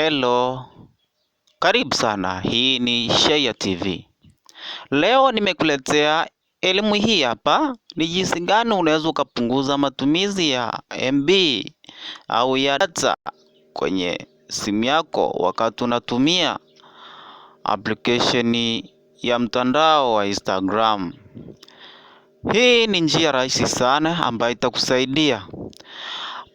Hello, karibu sana. Hii ni Shayia TV. Leo nimekuletea elimu hii hapa, ni jinsi gani unaweza ukapunguza matumizi ya MB au ya data kwenye simu yako wakati unatumia application ya mtandao wa Instagram. Hii ni njia rahisi sana ambayo itakusaidia.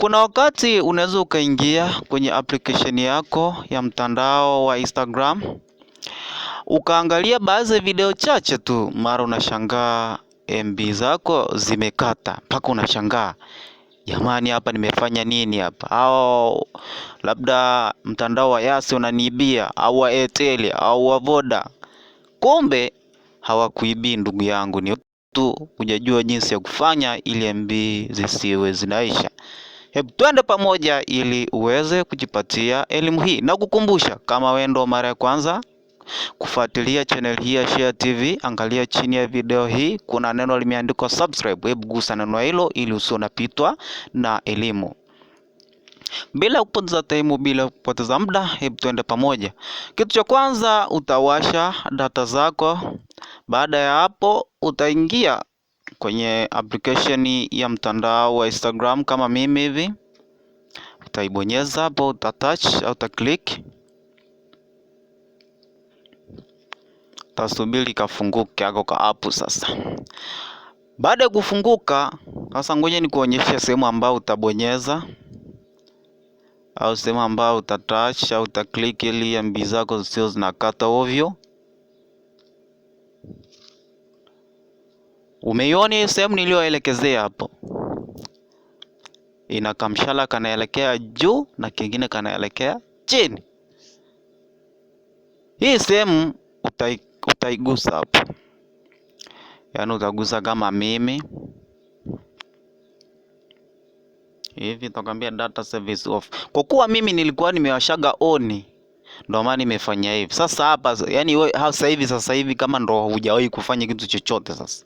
Kuna wakati unaweza ukaingia kwenye application yako ya mtandao wa Instagram ukaangalia baadhi ya video chache tu, mara unashangaa MB zako zimekata mpaka unashangaa jamani, hapa nimefanya nini hapa? Au labda mtandao wa Yasi unaniibia au wa Airtel au wa Voda. Kumbe hawakuibii ndugu yangu, ni tu hujajua jinsi ya kufanya ili MB zisiwe zinaisha. Hebu twende pamoja ili uweze kujipatia elimu hii, na kukumbusha kama wewe ndo mara ya kwanza kufuatilia channel hii ya Shayia TV, angalia chini ya video hii kuna neno limeandikwa subscribe. Hebu gusa neno hilo ili usio napitwa na elimu. Bila kupoteza taimu, bila kupoteza muda, hebu twende pamoja. Kitu cha kwanza utawasha data zako. Baada ya hapo, utaingia kwenye application ya mtandao wa Instagram kama mimi hivi, utaibonyeza hapo, uta au uta click, utasubiri kafunguke yako ka app sasa. Baada ya kufunguka sasa, ngoja nikuonyeshe sehemu ambayo utabonyeza au sehemu ambayo uta au uta click ili MB zako zisio zinakata ovyo. Umeiona hiyo sehemu niliyoelekezea hapo, ina kamshala kanaelekea juu na kingine kanaelekea chini. Hii sehemu utai, utaigusa hapo, yaani utagusa kama mimi hivi, utakwambia data service off. Kwa kuwa mimi nilikuwa nimewashaga oni ndio maana nimefanya hivi. Sasa hapa yani wewe sasa hivi sasa hivi kama ndo hujawahi kufanya kitu chochote sasa.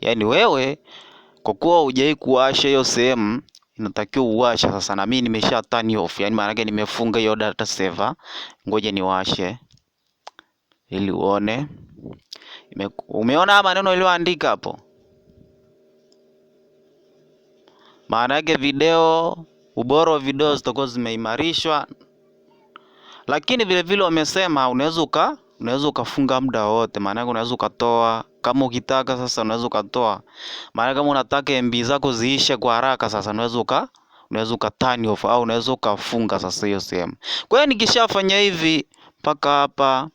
yani wewe kwa kuwa hujawahi kuwasha hiyo sehemu natakiwa uwashe sasa, na mimi nimesha turn off, yani maana yake nimefunga hiyo data server. Ngoja niwashe ili uone. Umeona maneno niliyoandika hapo? Maana yake video, ubora wa video zitakuwa zimeimarishwa. Lakini vile vile wamesema unaweza uka unaweza ukafunga muda wote, maanake unaweza ukatoa kama ukitaka. Sasa unaweza ukatoa, maana kama unataka MB zako ziishe kwa haraka, sasa unaweza uka unaweza uka turn off au unaweza ukafunga sasa hiyo sehemu. Kwa hiyo nikishafanya hivi mpaka hapa,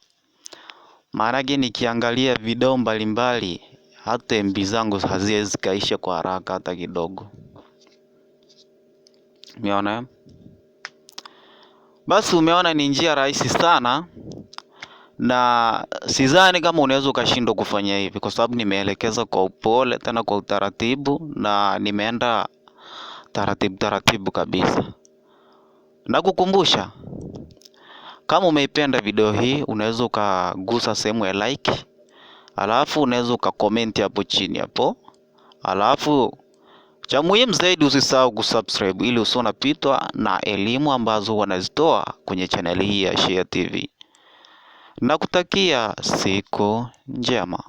maanake nikiangalia video mbalimbali, hata MB zangu haziwezi kaisha kwa haraka hata kidogo. Umeona? Basi umeona ni njia rahisi sana na sidhani kama unaweza ukashindwa kufanya hivi kwa sababu nimeelekeza kwa upole tena kwa utaratibu na nimeenda taratibu taratibu kabisa. Na kukumbusha kama umeipenda video hii unaweza ukagusa sehemu ya like, alafu unaweza ukakomenti hapo chini hapo, alafu cha muhimu zaidi usisahau kusubscribe ili usio napitwa na elimu ambazo wanazitoa kwenye chaneli hii ya Shayia TV. Nakutakia siku njema.